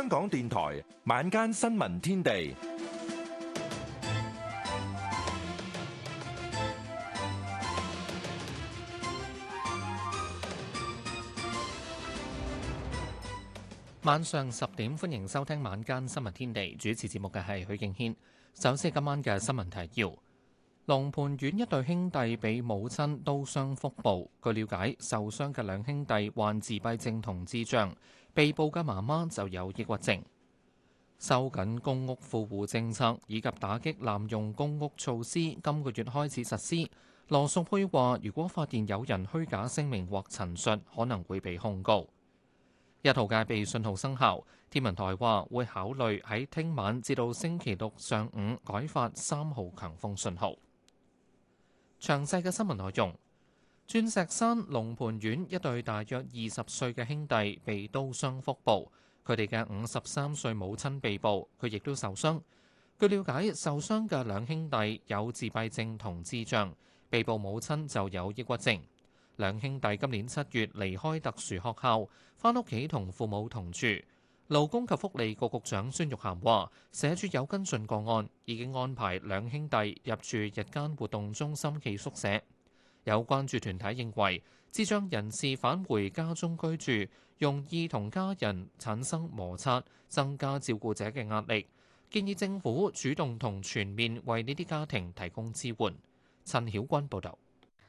香港電台晚間新聞天地，晚上十點，歡迎收聽晚間新聞天地。主持節目嘅係許敬軒。首先，今晚嘅新聞提要：龍盤縣一對兄弟俾母親刀傷腹部。據了解，受傷嘅兩兄弟患自閉症同智障。被捕嘅媽媽就有抑鬱症。收緊公屋富戶政策以及打擊濫用公屋措施今個月開始實施。羅淑佩話：如果發現有人虛假聲明或陳述，可能會被控告。一號戒備信號生效，天文台話會考慮喺聽晚至到星期六上午改發三號強風信號。詳細嘅新聞內容。鑽石山龍蟠苑一對大約二十歲嘅兄弟被刀傷腹部，佢哋嘅五十三歲母親被捕，佢亦都受傷。據了解，受傷嘅兩兄弟有自閉症同智障，被捕母親就有抑鬱症。兩兄弟今年七月離開特殊學校，翻屋企同父母同住。勞工及福利局局長孫玉菡話，社署有跟進個案，已經安排兩兄弟入住日間活動中心暨宿舍。有關注團體認為，智障人士返回家中居住，容易同家人產生摩擦，增加照顧者嘅壓力，建議政府主動同全面為呢啲家庭提供支援。陳曉君報道。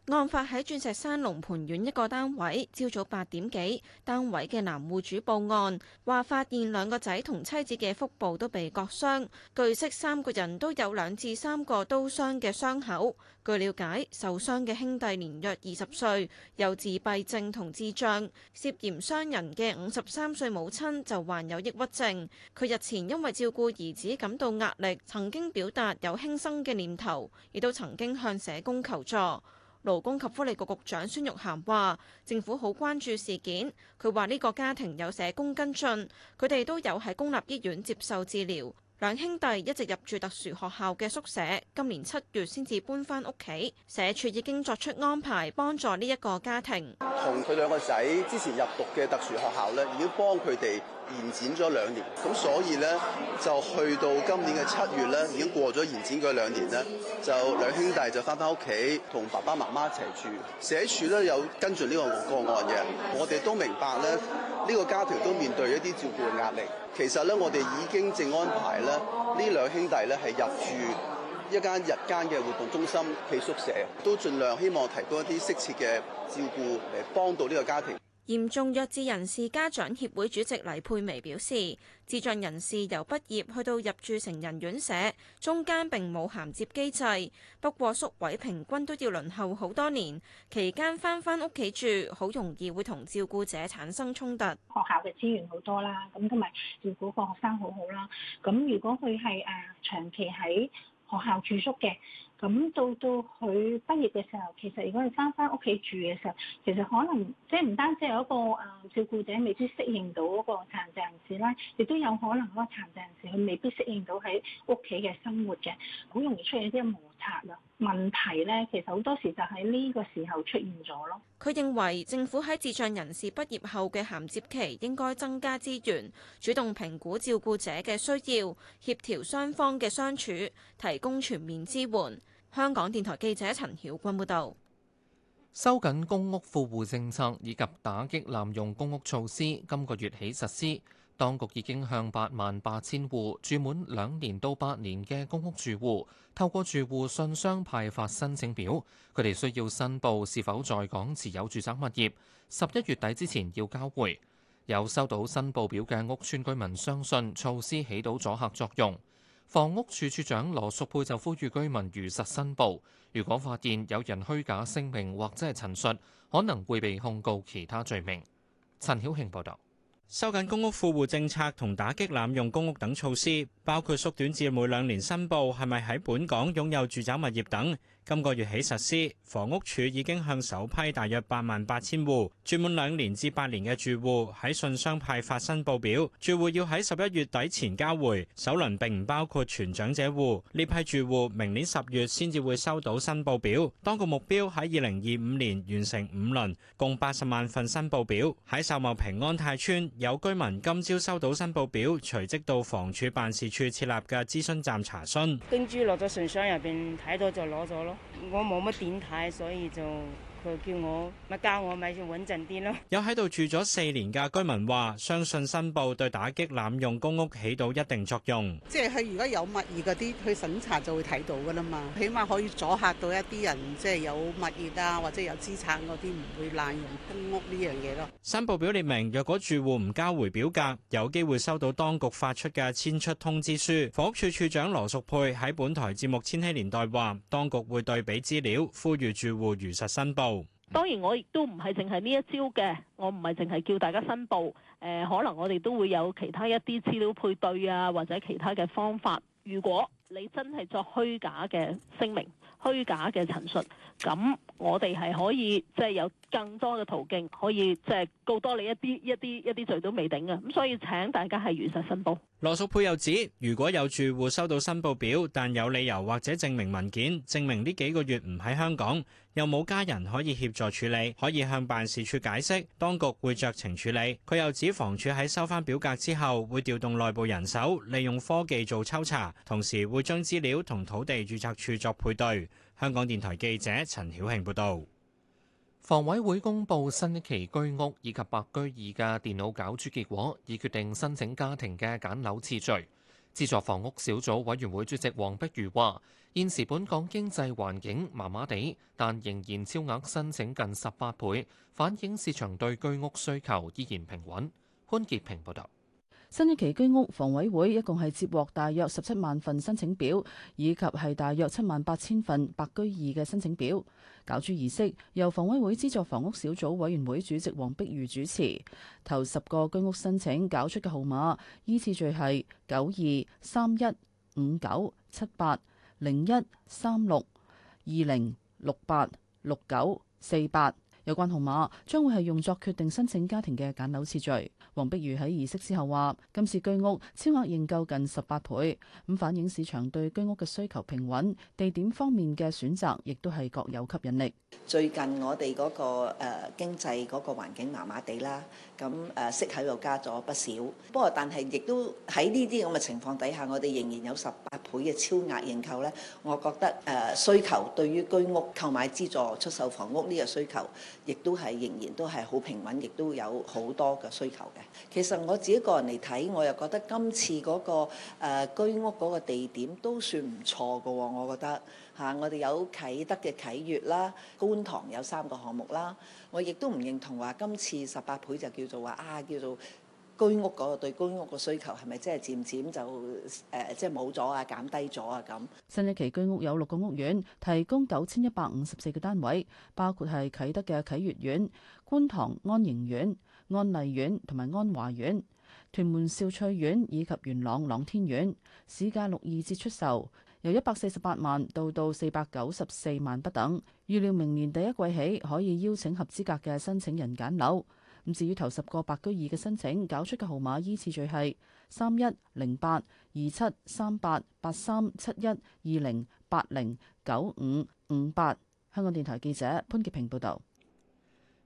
案發喺鑽石山龍盤苑一個單位，朝早八點幾，單位嘅男戶主報案，話發現兩個仔同妻子嘅腹部都被割傷。據悉，三個人都有兩至三個刀傷嘅傷口。據了解，受傷嘅兄弟年約二十歲，有自閉症同智障，涉嫌傷人嘅五十三歲母親就患有抑鬱症。佢日前因為照顧兒子感到壓力，曾經表達有輕生嘅念頭，亦都曾經向社工求助。勞工及福利局局長孫玉菡話：政府好關注事件。佢話呢個家庭有社工跟進，佢哋都有喺公立醫院接受治療。兩兄弟一直入住特殊學校嘅宿舍，今年七月先至搬翻屋企。社署已經作出安排，幫助呢一個家庭。同佢兩個仔之前入讀嘅特殊學校呢，要幫佢哋。延展咗兩年，咁所以咧就去到今年嘅七月咧，已經過咗延展嘅兩年咧，就兩兄弟就翻返屋企同爸爸媽媽一齊住。社署咧有跟進呢個個案嘅，我哋都明白咧呢個家庭都面對一啲照顧嘅壓力。其實咧，我哋已經正安排咧呢兩兄弟咧係入住一間日間嘅活動中心企宿舍，都盡量希望提供一啲適切嘅照顧嚟幫到呢個家庭。嚴重弱智人士家長協會主席黎佩薇表示，智障人士由畢業去到入住成人院舍，中間並冇銜接機制。不過宿位平均都要輪候好多年，期間翻翻屋企住，好容易會同照顧者產生衝突。學校嘅資源好多啦，咁同埋照顧個學生好好啦。咁如果佢係誒長期喺學校住宿嘅。咁到到佢畢業嘅時候，其實如果你翻翻屋企住嘅時候，其實可能即係唔單止有一個誒照顧者未必適應到嗰個殘障人士啦，亦都有可能個殘障人士佢未必適應到喺屋企嘅生活嘅，好容易出現啲摩擦啊、問題咧。其實好多時就喺呢個時候出現咗咯。佢認為政府喺智障人士畢業後嘅銜接期應該增加資源，主動評估照顧者嘅需要，協調雙方嘅相處，提供全面支援。香港電台記者陳曉君報道：收緊公屋富戶政策以及打擊濫用公屋措施，今個月起實施。當局已經向八萬八千戶住滿兩年到八年嘅公屋住戶，透過住戶信箱派發申請表。佢哋需要申報是否在港持有住宅物業，十一月底之前要交回。有收到申報表嘅屋邨居民相信，措施起到阻嚇作用。房屋署署長羅淑佩就呼籲居民如實申報，如果發現有人虛假聲明或者係陳述，可能會被控告其他罪名。陳曉慶報導。收緊公屋富戶政策同打擊濫用公屋等措施，包括縮短至每兩年申報，係咪喺本港擁有住宅物業等今個月起實施，房屋署已經向首批大約八萬八千戶住滿兩年至八年嘅住戶喺信箱派發申報表，住戶要喺十一月底前交回。首輪並唔包括全長者戶，呢批住戶明年十月先至會收到申報表。當局目標喺二零二五年完成五輪，共八十萬份申報表。喺秀茂坪安泰村有居民今朝收到申報表，隨即到房署辦事處設立嘅諮詢站查詢。跟住落咗信箱入邊，睇到就攞咗咯。我冇乜點睇，所以就。佢叫我咪教我咪先穩陣啲咯。有喺度住咗四年嘅居民話相信申報對打擊濫用公屋起到一定作用。即係佢如果有物業嗰啲，去審查就會睇到噶啦嘛。起碼可以阻嚇到一啲人，即係有物業啊或者有資產嗰啲唔會濫用公屋呢樣嘢咯。申報表列明，若果住戶唔交回表格，有機會收到當局發出嘅遷出通知書。房屋處處長羅淑佩喺本台節目《千禧年代》話當局會對比資料，呼籲住戶如實申報。當然我，我亦都唔係淨係呢一招嘅，我唔係淨係叫大家申報，誒、呃，可能我哋都會有其他一啲資料配對啊，或者其他嘅方法。如果你真係作虛假嘅聲明、虛假嘅陳述，咁我哋係可以即係、就是、有。更多嘅途徑可以即係告多你一啲一啲一啲罪都未定嘅，咁所以請大家係完實申報。羅淑佩又指，如果有住戶收到申報表，但有理由或者證明文件證明呢幾個月唔喺香港，又冇家人可以協助處理，可以向辦事處解釋，當局會酌情處理。佢又指房署喺收翻表格之後，會調動內部人手，利用科技做抽查，同時會將資料同土地註冊處作配對。香港電台記者陳曉慶報導。房委會公布新一期居屋以及白居二嘅電腦攪珠結果，已決定申請家庭嘅揀樓次序。資助房屋小組委員會主席黃碧如話，現時本港經濟環境麻麻地，但仍然超額申請近十八倍，反映市場對居屋需求依然平穩。潘潔平報道。新一期居屋房委會一共係接獲大約十七萬份申請表，以及係大約七萬八千份白居二嘅申請表。攪珠儀式由房委會資助房屋小組委員會主席黃碧如主持。頭十個居屋申請攪出嘅號碼依次序係九二三一五九七八零一三六二零六八六九四八。有關號碼將會係用作決定申請家庭嘅揀樓次序。黃碧如喺儀式之後話，今次居屋超額認購近十八倍，咁反映市場對居屋嘅需求平穩，地點方面嘅選擇亦都係各有吸引力。最近我哋嗰、那個誒、呃、經濟嗰個環境麻麻地啦，咁、嗯、誒息口又加咗不少，不過但係亦都喺呢啲咁嘅情況底下，我哋仍然有十八倍嘅超額認購咧。我覺得誒、呃、需求對於居屋購買資助出售房屋呢個需求，亦都係仍然都係好平穩，亦都有好多嘅需求嘅。其實我自己個人嚟睇，我又覺得今次嗰、那個誒、呃、居屋嗰個地點都算唔錯嘅、哦，我覺得。嚇！我哋有啟德嘅啟悦啦，觀塘有三個項目啦。我亦都唔認同話今次十八倍就叫做話啊，叫做居屋個對居屋個需求係咪即係漸漸就誒、呃、即係冇咗啊、減低咗啊咁。新一期居屋有六個屋苑，提供九千一百五十四個單位，包括係啟德嘅啟悦苑、觀塘安盈苑、安麗苑同埋安華苑、屯門兆翠苑以及元朗朗天苑，市價六二折出售。由一百四十八萬到到四百九十四萬不等，預料明年第一季起可以邀請合資格嘅申請人揀樓，唔至於頭十個白居二嘅申請搞出嘅號碼依次序係三一零八二七三八八三七一二零八零九五五八。香港電台記者潘潔平報導，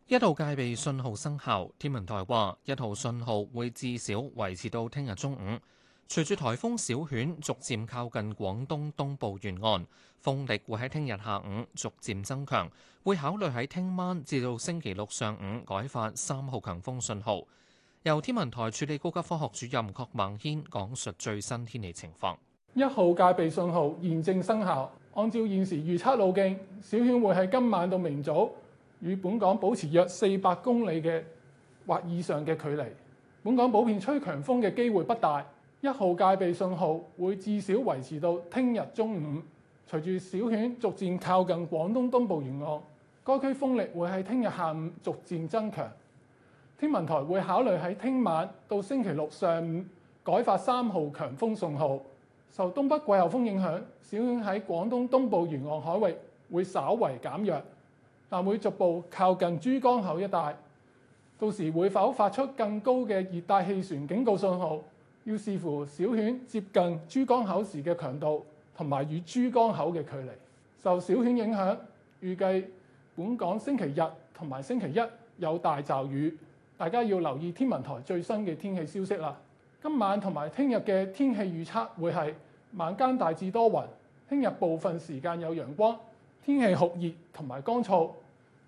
一號戒備信號生效，天文台話一號信號會至少維持到聽日中午。隨住颱風小犬逐漸靠近廣東東部沿岸，風力會喺聽日下午逐漸增強，會考慮喺聽晚至到星期六上午改發三號強風信號。由天文台處理高級科學主任郭孟軒講述最新天氣情況。一號戒備信號現正生效，按照現時預測路徑，小犬會喺今晚到明早與本港保持約四百公里嘅或以上嘅距離。本港普遍吹強風嘅機會不大。一號戒備信號會至少維持到聽日中午。隨住小犬逐漸靠近廣東東部沿岸，該區風力會喺聽日下午逐漸增強。天文台會考慮喺聽晚到星期六上午改發三號強風信號。受東北季候風影響，小犬喺廣東東部沿岸海域會稍為減弱，但會逐步靠近珠江口一帶。到時會否發出更高嘅熱帶氣旋警告信號？要視乎小犬接近珠江口時嘅強度同埋與珠江口嘅距離。受小犬影響，預計本港星期日同埋星期一有大驟雨，大家要留意天文台最新嘅天氣消息啦。今晚同埋聽日嘅天氣預測會係晚間大致多雲，聽日部分時間有陽光，天氣酷熱同埋乾燥，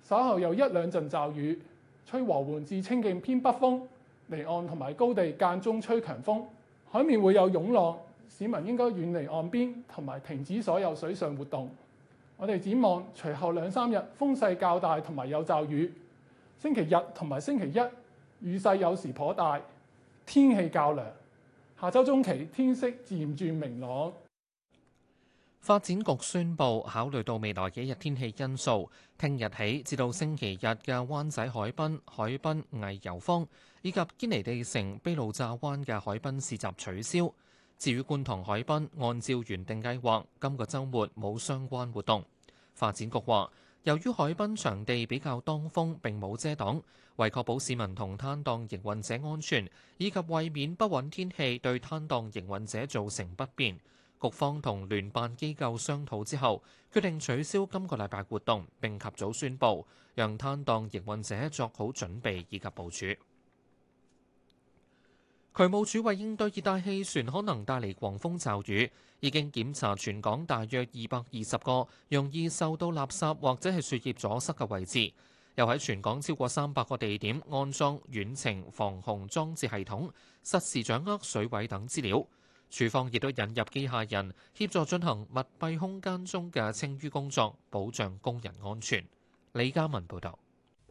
稍後有一兩陣驟雨，吹和緩至清勁偏北風。離岸同埋高地間中吹強風，海面會有湧浪，市民應該遠離岸邊同埋停止所有水上活動。我哋展望隨後兩三日風勢較大同埋有驟雨，星期日同埋星期一雨勢有時頗大，天氣較涼。下周中期天色漸轉明朗。發展局宣佈，考慮到未來幾日天氣因素，聽日起至到星期日嘅灣仔海濱、海濱藝遊坊以及堅尼地城卑路乍灣嘅海濱市集取消。至於觀塘海濱，按照原定計劃，今個周末冇相關活動。發展局話，由於海濱場地比較當風，並冇遮擋，為確保市民同攤檔營運者安全，以及為免不穩天氣對攤檔營運者造成不便。局方同聯辦機構商討之後，決定取消今個禮拜活動並及早宣佈，讓攤檔營運者作好準備以及部署。渠務署為應對熱帶氣旋可能帶嚟狂風驟雨，已經檢查全港大約二百二十個容易受到垃圾或者係樹葉阻塞嘅位置，又喺全港超過三百個地點安裝遠程防洪裝置系統，實時掌握水位等資料。廚房亦都引入機械人協助進行密閉空間中嘅清淤工作，保障工人安全。李嘉文報導。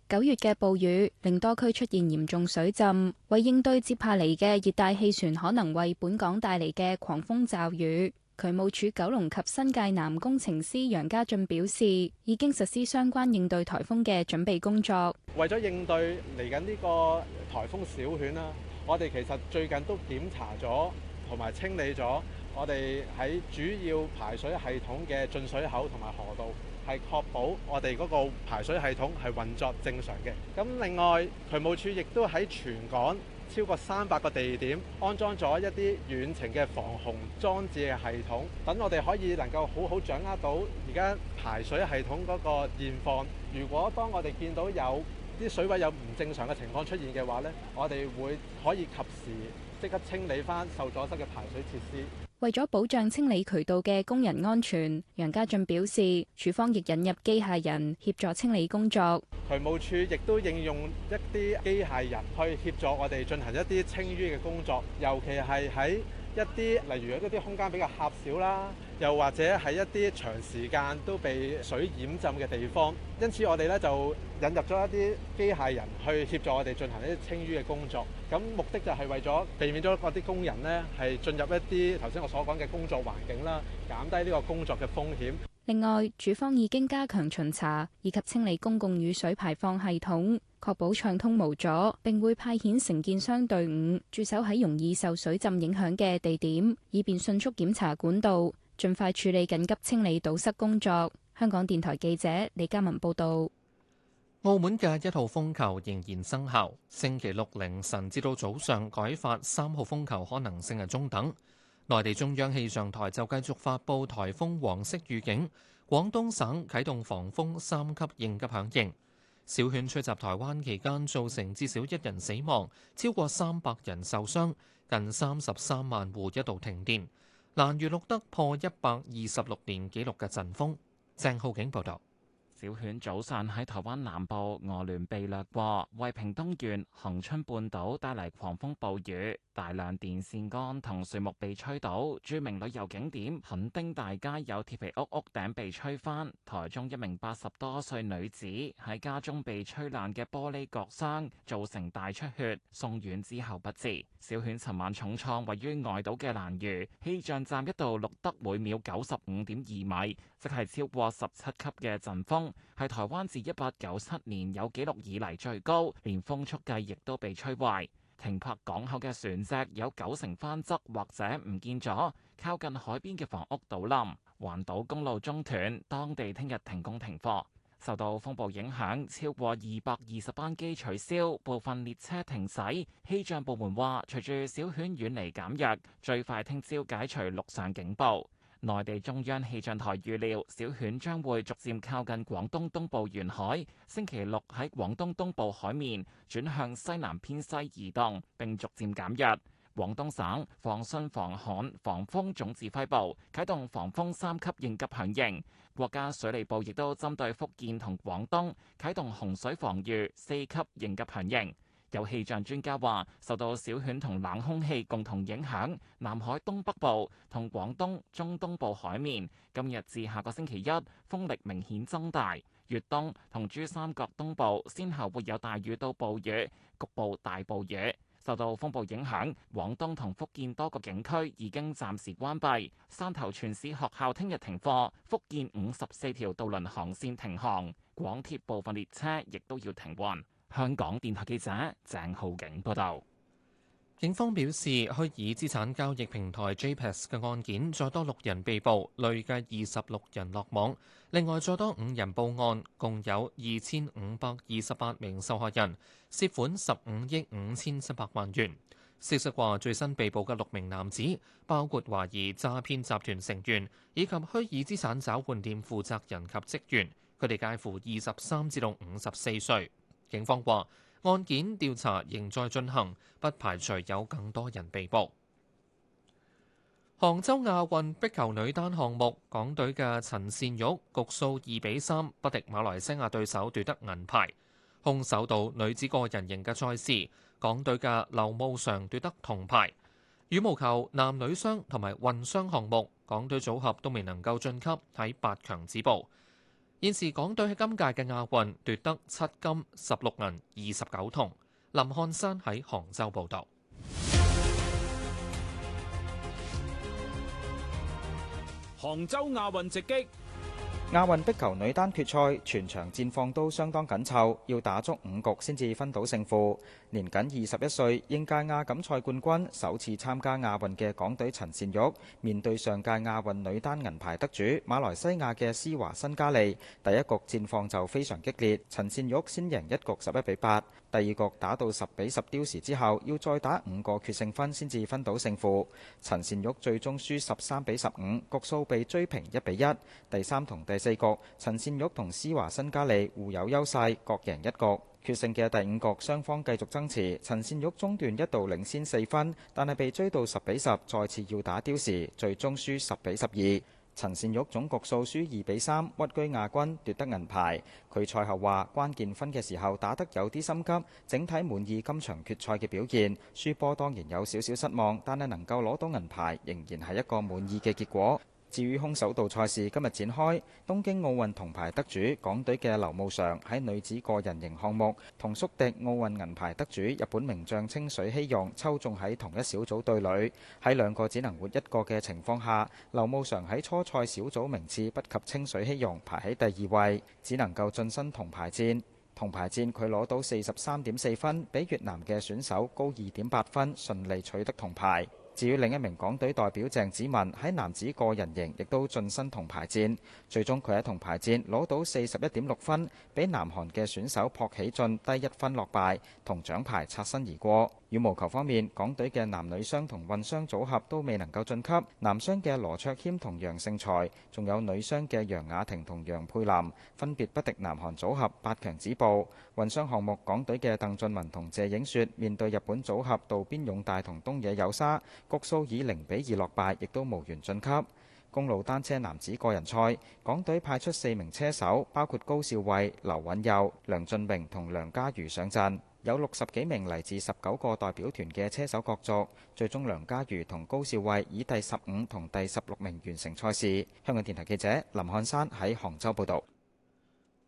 九月嘅暴雨令多區出現嚴重水浸，為應對接下嚟嘅熱帶氣旋可能為本港帶嚟嘅狂風驟雨，渠務署九龍及新界南工程師楊家俊表示，已經實施相關應對颱風嘅準備工作。為咗應對嚟緊呢個颱風小犬啦，我哋其實最近都檢查咗。同埋清理咗我哋喺主要排水系統嘅進水口同埋河道，係確保我哋嗰個排水系統係運作正常嘅。咁另外，渠務署亦都喺全港超過三百個地點安裝咗一啲遠程嘅防洪裝置嘅系統，等我哋可以能夠好好掌握到而家排水系統嗰個現況。如果當我哋見到有啲水位有唔正常嘅情況出現嘅話咧，我哋會可以及時。即刻清理返受阻塞嘅排水設施。為咗保障清理渠道嘅工人安全，楊家俊表示，署方亦引入機械人協助清理工作。渠務署亦都應用一啲機械人去協助我哋進行一啲清淤嘅工作，尤其係喺一啲例如一啲空間比較狹小啦，又或者喺一啲長時間都被水淹浸嘅地方，因此我哋咧就引入咗一啲機械人去協助我哋進行一啲清淤嘅工作。咁目的就係為咗避免咗嗰啲工人呢係進入一啲頭先我所講嘅工作環境啦，減低呢個工作嘅風險。另外，署方已經加強巡查以及清理公共雨水排放系統。確保暢通無阻，並會派遣承建商隊伍駐守喺容易受水浸影響嘅地點，以便迅速檢查管道，盡快處理緊急清理堵塞工作。香港電台記者李嘉文報道。澳門嘅一號風球仍然生效，星期六凌晨至到早上改發三號風球可能性係中等。內地中央氣象台就繼續發布颱風黃色預警，廣東省啟動防風三級應急響應。小犬吹襲台灣期間，造成至少一人死亡，超過三百人受傷，近三十三萬戶一度停電。蘭嶼錄得破一百二十六年紀錄嘅陣風。鄭浩景報道。小犬早上喺台灣南部俄聯被掠過，為屏東縣恒春半島帶嚟狂風暴雨，大量電線杆同樹木被吹倒。著名旅遊景點墾丁大街有鐵皮屋屋頂被吹翻。台中一名八十多歲女子喺家中被吹爛嘅玻璃割傷，造成大出血，送院之後不治。小犬尋晚重創位於外島嘅蘭嶼氣象站一度錄得每秒九十五點二米，即係超過十七級嘅陣風。係台灣自一八九七年有記錄以嚟，最高，連風速計亦都被吹壞。停泊港口嘅船隻有九成翻側或者唔見咗，靠近海邊嘅房屋倒冧，環島公路中斷，當地聽日停工停課。受到風暴影響，超過二百二十班機取消，部分列車停駛。氣象部門話，隨住小犬遠離減弱，最快聽朝解除陸上警報。內地中央氣象台預料，小犬將會逐漸靠近廣東東部沿海，星期六喺廣東東部海面轉向西南偏西移動，并逐漸減弱。廣東省防汛防旱防風總指揮部啟動防風三級應急響應，國家水利部亦都針對福建同廣東啟動洪水防禦四級應急響應。有氣象專家話，受到小犬同冷空氣共同影響，南海東北部同廣東中東部海面，今日至下個星期一風力明顯增大。粵東同珠三角東部先後會有大雨到暴雨，局部大暴雨。受到風暴影響，廣東同福建多個景區已經暫時關閉，汕頭全市學校聽日停課，福建五十四條渡輪航線停航，廣鐵部分列車亦都要停運。香港電台記者鄭浩景報道，警方表示，虛擬資產交易平台 JPEX 嘅案件再多六人被捕，累計二十六人落網。另外再多五人報案，共有二千五百二十八名受害人，涉款十五億五千七百萬元。消息話，最新被捕嘅六名男子包括懷疑詐騙集團成員以及虛擬資產找換店負責人及職員，佢哋介乎二十三至到五十四歲。警方話案件調查仍在進行，不排除有更多人被捕。杭州亞運壁球女單項目，港隊嘅陳善玉局數二比三不敵馬來西亞對手，奪得銀牌。空手道女子個人型嘅賽事，港隊嘅劉慕常奪得銅牌。羽毛球男女雙同埋混雙項目，港隊組合都未能夠晉級，喺八強止步。現時港隊喺今屆嘅亞運奪得七金、十六銀、二十九銅。林漢山喺杭州報道。杭州亞運直擊。亞運壁球女單決賽，全場戰況都相當緊湊，要打足五局先至分到勝負。年僅二十一歲，應屆亞錦賽冠軍，首次參加亞運嘅港隊陳善玉，面對上屆亞運女單銀牌得主馬來西亞嘅施華新加利，第一局戰況就非常激烈，陳善玉先贏一局十一比八。第二局打到十比十刁時之後，要再打五個決勝分先至分到勝負。陳善玉最終輸十三比十五，局數被追平一比一。第三同第四局，陳善玉同施華新加利互有優勢，各贏一局。決勝嘅第五局，雙方繼續爭持，陳善玉中段一度領先四分，但係被追到十比十，再次要打刁時，最終輸十比十二。陳善玉總局數輸二比三，屈居亞軍，奪得銀牌。佢賽後話：關鍵分嘅時候打得有啲心急，整體滿意今場決賽嘅表現。輸波當然有少少失望，但係能夠攞到銀牌，仍然係一個滿意嘅結果。至於空手道賽事今日展開，東京奧運銅牌得主港隊嘅劉慕裳喺女子個人型項目同宿敵奧運銀牌得主日本名將清水希容抽中喺同一小組隊裏，喺兩個只能活一個嘅情況下，劉慕裳喺初賽小組名次不及清水希容排喺第二位，只能夠晉身銅牌戰。銅牌戰佢攞到四十三點四分，比越南嘅選手高二點八分，順利取得銅牌。至於另一名港隊代表鄭子文喺男子個人型亦都晉身銅牌戰，最終佢喺銅牌戰攞到四十一點六分，比南韓嘅選手朴喜俊低一分落敗，同獎牌擦身而過。羽毛球方面，港隊嘅男女雙同混雙組合都未能夠晉級。男雙嘅羅卓謙同楊勝才，仲有女雙嘅楊雅婷同楊佩琳，分別不敵南韓組合八強止步。混雙項目，港隊嘅鄧俊文同謝影雪面對日本組合道邊勇大同東野有沙，局數以零比二落敗，亦都無緣晉級。公路單車男子個人賽，港隊派出四名車手，包括高少偉、劉允佑、梁俊明同梁家瑜上陣。有六十幾名嚟自十九個代表團嘅車手角逐，最終梁家瑜同高少慧以第十五同第十六名完成賽事。香港電台記者林漢山喺杭州報導。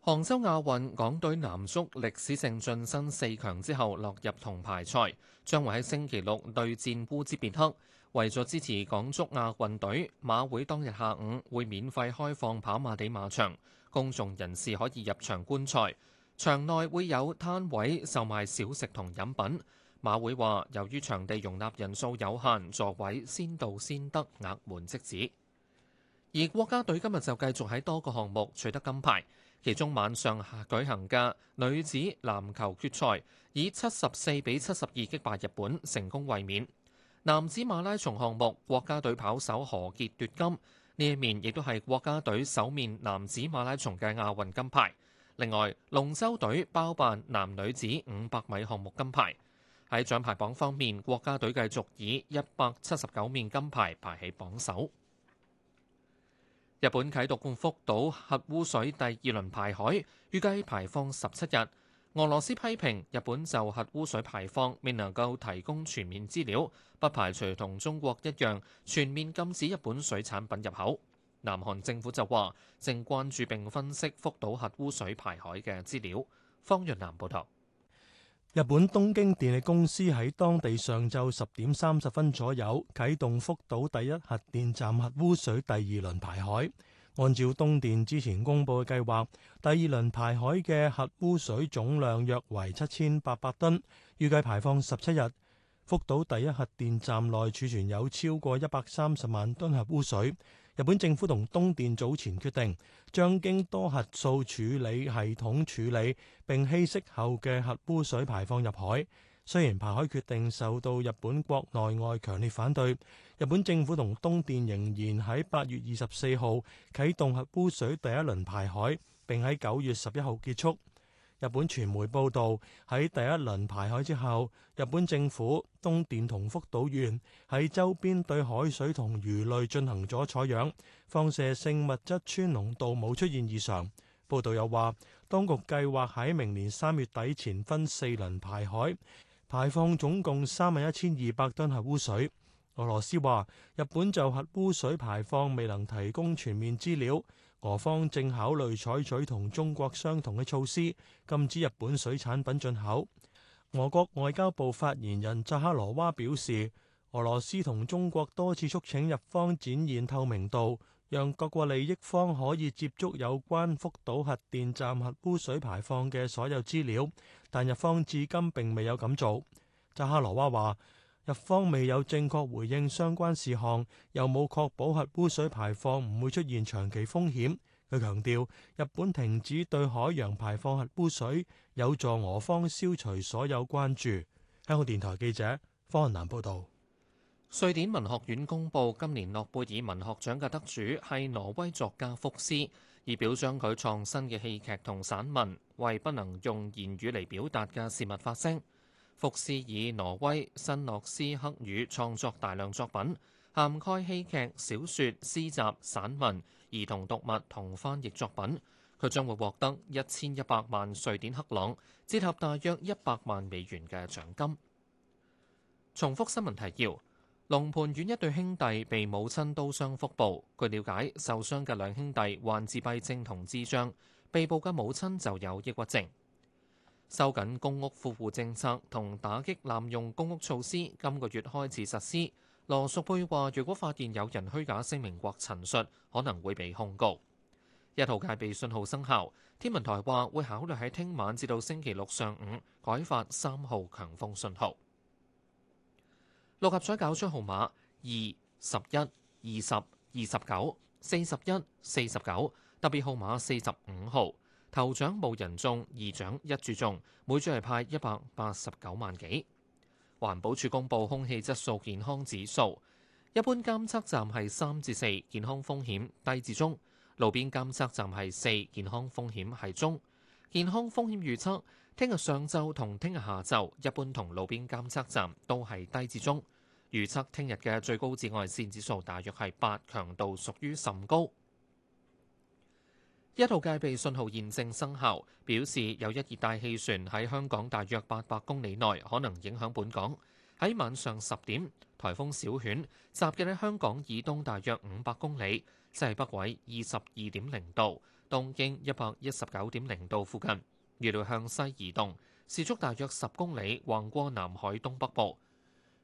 杭州亞運港隊男足歷史性晉身四強之後，落入銅牌賽，將會喺星期六對戰烏茲別克。為咗支持港足亞運隊，馬會當日下午會免費開放跑馬地馬場，公眾人士可以入場觀賽。場內會有攤位售賣小食同飲品。馬會話，由於場地容納人數有限，座位先到先得，額滿即止。而國家隊今日就繼續喺多個項目取得金牌，其中晚上下舉行嘅女子籃球決賽以七十四比七十二擊敗日本，成功衛冕。男子馬拉松項目，國家隊跑手何杰奪金，呢一面亦都係國家隊首面男子馬拉松嘅亞運金牌。另外，龍舟隊包辦男女子五百米項目金牌。喺獎牌榜方面，國家隊繼續以一百七十九面金牌排喺榜首。日本啟動福島核污水第二輪排海，預計排放十七日。俄羅斯批評日本就核污水排放未能夠提供全面資料，不排除同中國一樣全面禁止日本水產品入口。南韓政府就話，正關注並分析福島核污水排海嘅資料。方潤南報道，日本東京電力公司喺當地上晝十點三十分左右啟動福島第一核電站核污水第二輪排海。按照東電之前公佈嘅計劃，第二輪排海嘅核污水總量約為七千八百噸，預計排放十七日。福島第一核電站內儲存有超過一百三十萬噸核污水。日本政府同東電早前決定，將經多核素處理系統處理並稀釋後嘅核污水排放入海。雖然排海決定受到日本國內外強烈反對，日本政府同東電仍然喺八月二十四號啟動核污水第一輪排海，並喺九月十一號結束。日本傳媒報道，喺第一輪排海之後，日本政府東電同福島縣喺周邊對海水同魚類進行咗採樣，放射性物質氚濃度冇出現異常。報道又話，當局計劃喺明年三月底前分四輪排海，排放總共三萬一千二百噸核污水。俄羅斯話，日本就核污水排放未能提供全面資料。俄方正考慮採取同中國相同嘅措施，禁止日本水產品進口。俄國外交部發言人扎哈羅娃表示，俄羅斯同中國多次促請日方展現透明度，讓各個利益方可以接觸有關福島核電站核污水排放嘅所有資料，但日方至今並未有咁做。扎哈羅娃話。日方未有正確回應相關事項，又冇確保核污水排放唔會出現長期風險。佢強調，日本停止對海洋排放核污水，有助俄方消除所有關注。香港電台記者方韻南報道。 瑞典文學院公布今年諾貝爾文學獎嘅得主係挪威作家福斯，以表彰佢創新嘅戲劇同散文，為不能用言語嚟表達嘅事物發聲。福斯以挪威新諾斯克語創作大量作品，涵蓋戲劇、小說、詩集、散文、兒童讀物同翻譯作品。佢將會獲得一千一百萬瑞典克朗，折合大約一百萬美元嘅獎金。重複新聞提要：龍盤苑一對兄弟被母親刀傷腹部。據了解，受傷嘅兩兄弟患自閉症同智障，被捕嘅母親就有抑鬱症。收緊公屋富戶政策同打擊濫用公屋措施，今個月開始實施。羅淑佩話，如果發現有人虛假聲明或陳述，可能會被控告。一號戒備信號生效，天文台話會考慮喺聽晚至到星期六上午改發三號強風信號。六合彩搞出號碼：二、十一、二十、二十九、四十一、四十九，特別號碼四十五號。頭獎冇人中，二獎一注中，每注係派一百八十九萬幾。環保署公布空氣質素健康指數，一般監測站係三至四，健康風險低至中；路邊監測站係四，健康風險係中。健康風險預測，聽日上晝同聽日下晝，一般同路邊監測站都係低至中。預測聽日嘅最高紫外線指數大約係八，強度屬於甚高。一號戒備信號現正生效，表示有一熱帶氣旋喺香港大約八百公里內可能影響本港。喺晚上十點，颱風小犬集結喺香港以東大約五百公里，西北緯二十二點零度，東經一百一十九點零度附近，預料向西移動，時速大約十公里，橫過南海東北部。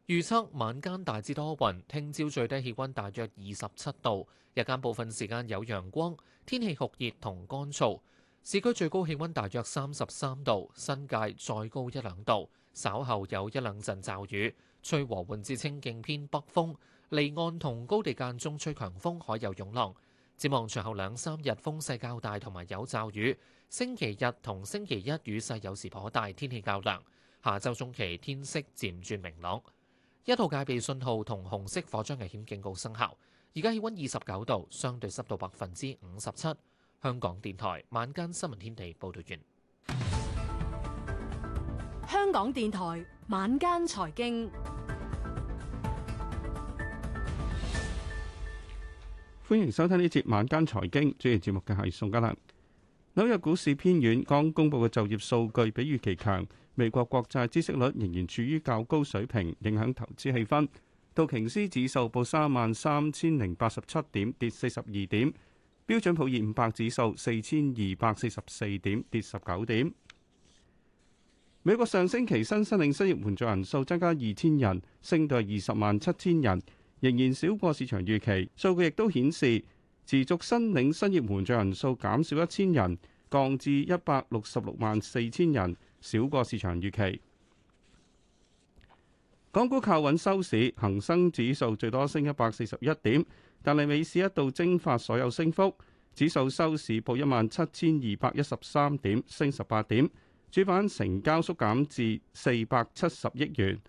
預測晚間大致多雲，聽朝最低氣温大約二十七度，日間部分時間有陽光，天氣酷熱同乾燥。市區最高氣温大約三十三度，新界再高一兩度。稍後有一兩陣驟雨，吹和緩至清勁偏北風，離岸同高地間中吹強風，海有湧浪。展望隨後兩三日風勢較大同埋有驟雨，星期日同星期一雨勢有時頗大，天氣較涼。下周中期天色漸轉明朗。一套戒備信號同紅色火災危險警告生效。而家氣溫二十九度，相對濕度百分之五十七。香港電台晚間新聞天地報道完。香港電台晚間財經，歡迎收聽呢節晚間財經。主持節目嘅係宋嘉蘭。紐約股市偏軟，剛公布嘅就業數據比預期強。美國國債孳息率仍然處於較高水平，影響投資氣氛。道瓊斯指數報三萬三千零八十七點，跌四十二點；標準普爾五百指數四千二百四十四點，跌十九點。美國上星期新申領失業援助人數增加二千人，升到二十萬七千人，仍然少過市場預期。數據亦都顯示持續申領失業援助人數減少一千人，降至一百六十六萬四千人。少過市場預期，港股靠穩收市，恒生指數最多升一百四十一點，但係尾市一度蒸發所有升幅，指數收市報一萬七千二百一十三點，升十八點，主板成交縮減至四百七十億元。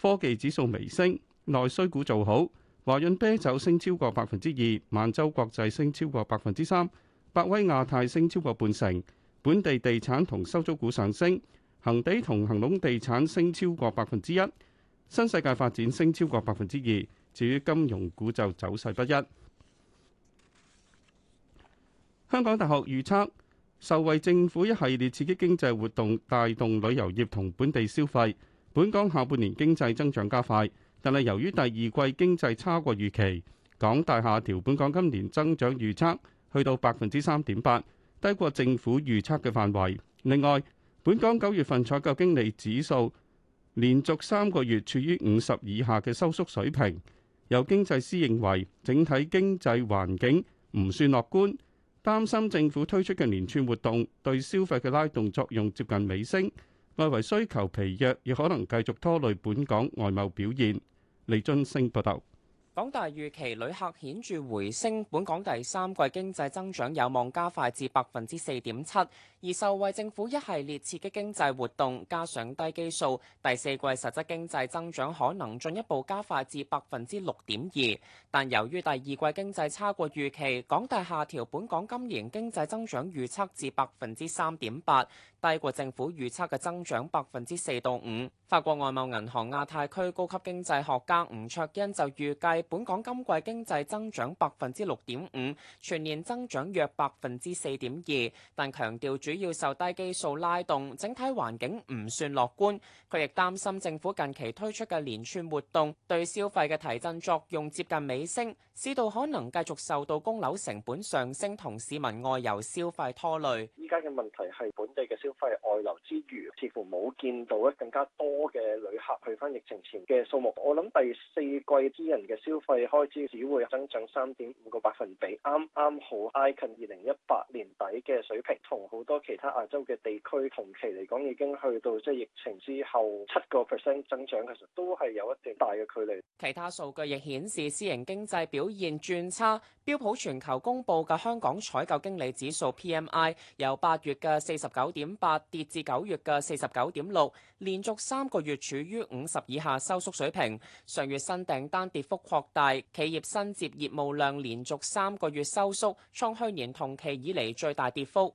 科技指數微升，內需股做好，華潤啤酒升超過百分之二，萬洲國際升超過百分之三，百威亞太升超過半成。本地地產同收租股上升，恒地同恒隆地產升超過百分之一，新世界發展升超過百分之二。至於金融股就走勢不一。香港大學預測，受惠政府一系列刺激經濟活動，帶動旅遊業同本地消費，本港下半年經濟增長加快。但係由於第二季經濟差過預期，港大下調本港今年增長預測，去到百分之三點八。低過政府預測嘅範圍。另外，本港九月份採購經理指數連續三個月處於五十以下嘅收縮水平。有經濟師認為，整體經濟環境唔算樂觀，擔心政府推出嘅連串活動對消費嘅拉動作用接近尾聲，外圍需求疲弱，亦可能繼續拖累本港外貿表現。李津升報道。港大預期旅客顯著回升，本港第三季經濟增長有望加快至百分之四點七。而受惠政府一系列刺激經濟活動，加上低基數，第四季實質經濟增長可能進一步加快至百分之六點二。但由於第二季經濟差過預期，港大下調本港今年經濟增長預測至百分之三點八，低過政府預測嘅增長百分之四到五。法國外貿銀行亞太區高級經濟學家吳卓恩就預計本港今季經濟增長百分之六點五，全年增長約百分之四點二，但強調主。要受低基數拉動，整體環境唔算樂觀。佢亦擔心政府近期推出嘅連串活動對消費嘅提振作用接近尾聲，市道可能繼續受到供樓成本上升同市民外遊消費拖累。依家嘅問題係本地嘅消費外流之餘，似乎冇見到咧更加多嘅旅客去翻疫情前嘅數目。我諗第四季啲人嘅消費開支只會增長三點五個百分比，啱啱好挨近二零一八年底嘅水平，同好多。其他亞洲嘅地區同期嚟講，已經去到即係疫情之後七個 percent 增長，其實都係有一定大嘅距離。其他數據亦顯示，私營經濟表現轉差。標普全球公布嘅香港採購經理指數 PMI 由八月嘅四十九點八跌至九月嘅四十九點六，連續三個月處於五十以下收縮水平。上月新訂單跌幅擴大，企業新接業務量連續三個月收縮，創去年同期以嚟最大跌幅。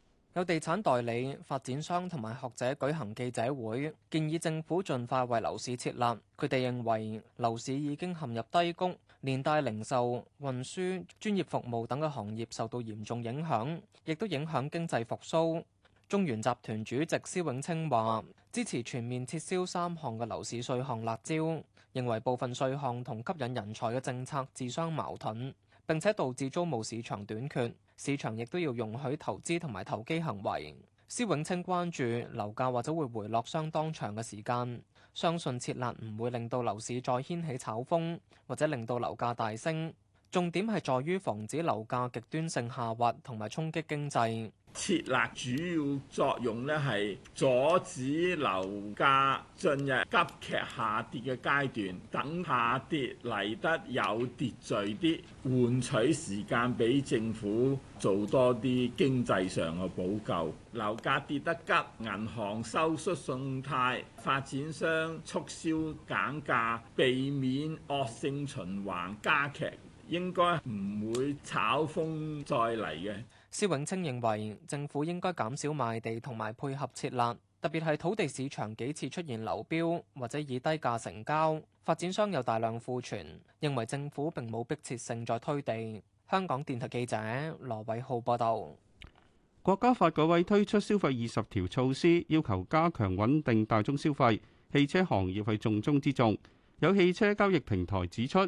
有地產代理、發展商同埋學者舉行記者會，建議政府盡快為樓市設立。佢哋認為樓市已經陷入低谷，連帶零售、運輸、專業服務等嘅行業受到嚴重影響，亦都影響經濟復甦。中原集團主席施永青話：支持全面撤銷三項嘅樓市稅項辣招，認為部分稅項同吸引人才嘅政策自相矛盾，並且導致租務市場短缺。市場亦都要容許投資同埋投機行為。施永青關注樓價或者會回落相當長嘅時間，相信設立唔會令到樓市再掀起炒風，或者令到樓價大升。重點係在於防止樓價極端性下滑，同埋衝擊經濟。設立主要作用呢，係阻止樓價進入急劇下跌嘅階段。等下跌嚟得有秩序啲，換取時間俾政府做多啲經濟上嘅補救。樓價跌得急，銀行收縮信貸，發展商促銷減價，避免惡性循環加劇。應該唔會炒風再嚟嘅。施永青認為政府應該減少賣地同埋配合設立，特別係土地市場幾次出現流標或者以低價成交，發展商有大量庫存，認為政府並冇迫切性再推地。香港電台記者羅偉浩報道。國家發改委推出消費二十條措施，要求加強穩定大宗消費，汽車行業係重中之重。有汽車交易平台指出。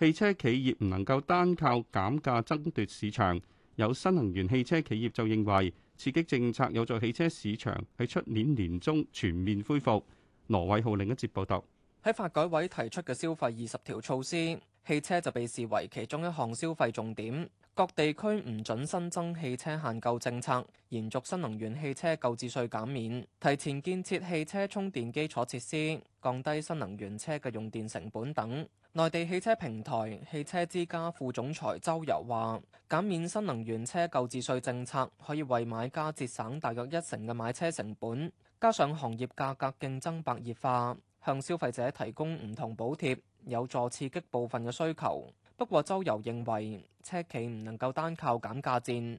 汽車企業唔能夠單靠減價爭奪市場，有新能源汽車企業就認為刺激政策有助汽車市場喺出年年中全面恢復。羅偉浩另一節報道。喺發改委提出嘅消費二十條措施，汽車就被視為其中一項消費重點。各地區唔准新增汽車限購政策，延續新能源汽車購置稅減免，提前建設汽車充電基礎設施，降低新能源車嘅用電成本等。內地汽車平臺汽車之家副總裁周游話，減免新能源車購置稅政策可以為買家節省大約一成嘅買車成本，加上行業價格競爭白熱化，向消費者提供唔同補貼，有助刺激部分嘅需求。不過，周游認為，車企唔能夠單靠減價戰。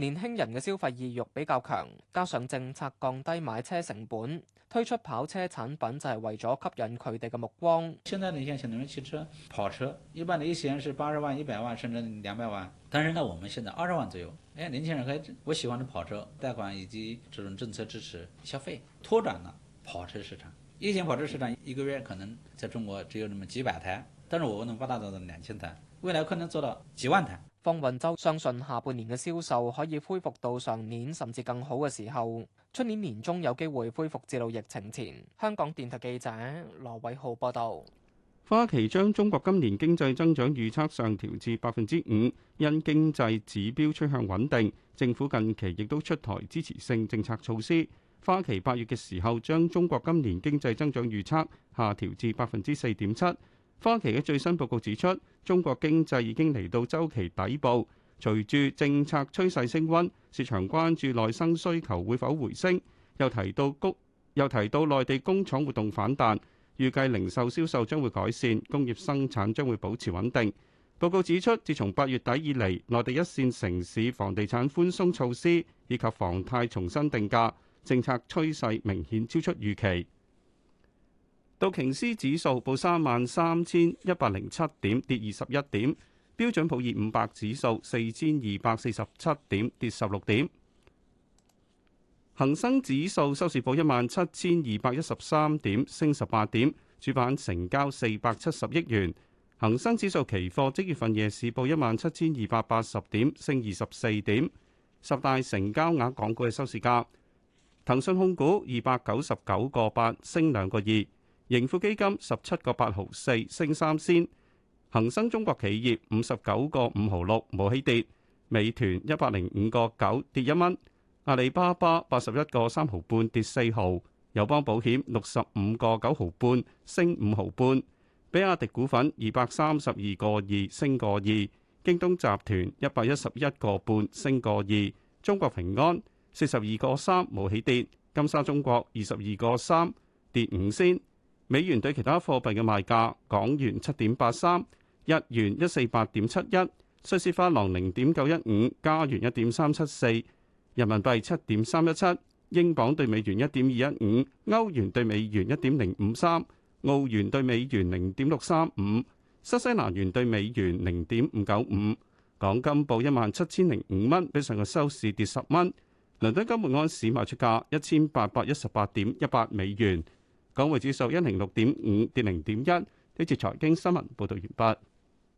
年輕人的消費意欲比較強，加上政策降低買車成本，推出跑車產品就係為咗吸引佢哋嘅目光。現在你像新能源汽車跑車，一般的一線是八十萬、一百萬甚至兩百萬，但是呢，我們現在二十萬左右。誒、哎，年輕人可以，我喜歡啲跑車，貸款以及這種政策支持消費，拓展了跑車市場。以前跑車市場一個月可能在中國只有那麼幾百台，但是我能把它做到兩千台，未來可能做到幾萬台。方雲舟相信下半年嘅銷售可以恢復到上年甚至更好嘅時候，出年年中有機會恢復至到疫情前。香港電台記者羅偉浩報道。花旗將中國今年經濟增長預測上調至百分之五，因經濟指標趨向穩定，政府近期亦都出台支持性政策措施。花旗八月嘅時候將中國今年經濟增長預測下調至百分之四點七。花旗嘅最新報告指出，中國經濟已經嚟到周期底部，隨住政策趨勢升溫，市場關注內生需求會否回升。又提到谷，又提到內地工廠活動反彈，預計零售銷售將會改善，工業生產將會保持穩定。報告指出，自從八月底以嚟，內地一線城市房地產寬鬆措施以及房貸重新定價，政策趨勢明顯超出預期。道瓊斯指數報三萬三千一百零七點，跌二十一點；標準普爾五百指數四千二百四十七點，跌十六點。恒生指數收市報一萬七千二百一十三點，升十八點。主板成交四百七十億元。恒生指數期貨即月份夜市報一萬七千二百八十點，升二十四點。十大成交額港股嘅收市價：騰訊控股二百九十九個八，升兩個二。盈富基金十七個八毫四升三仙，恒生中國企業五十九個五毫六冇起跌，美團一百零五個九跌一蚊，阿里巴巴八十一個三毫半跌四毫，友邦保險六十五個九毫半升五毫半，比亞迪股份二百三十二個二升個二，京東集團一百一十一個半升個二，中國平安四十二個三冇起跌，金沙中國二十二個三跌五仙。美元對其他貨幣嘅賣價：港元七點八三，日元一四八點七一，瑞士法郎零點九一五，加元一點三七四，人民幣七點三一七，英鎊對美元一點二一五，歐元對美元一點零五三，澳元對美元零點六三五，新西蘭元對美元零點五九五。港金報一萬七千零五蚊，比上日收市跌十蚊。倫敦金每盎司賣出價一千八百一十八點一八美元。港匯指數一零六點五，跌零點一。呢次財經新聞報道完畢。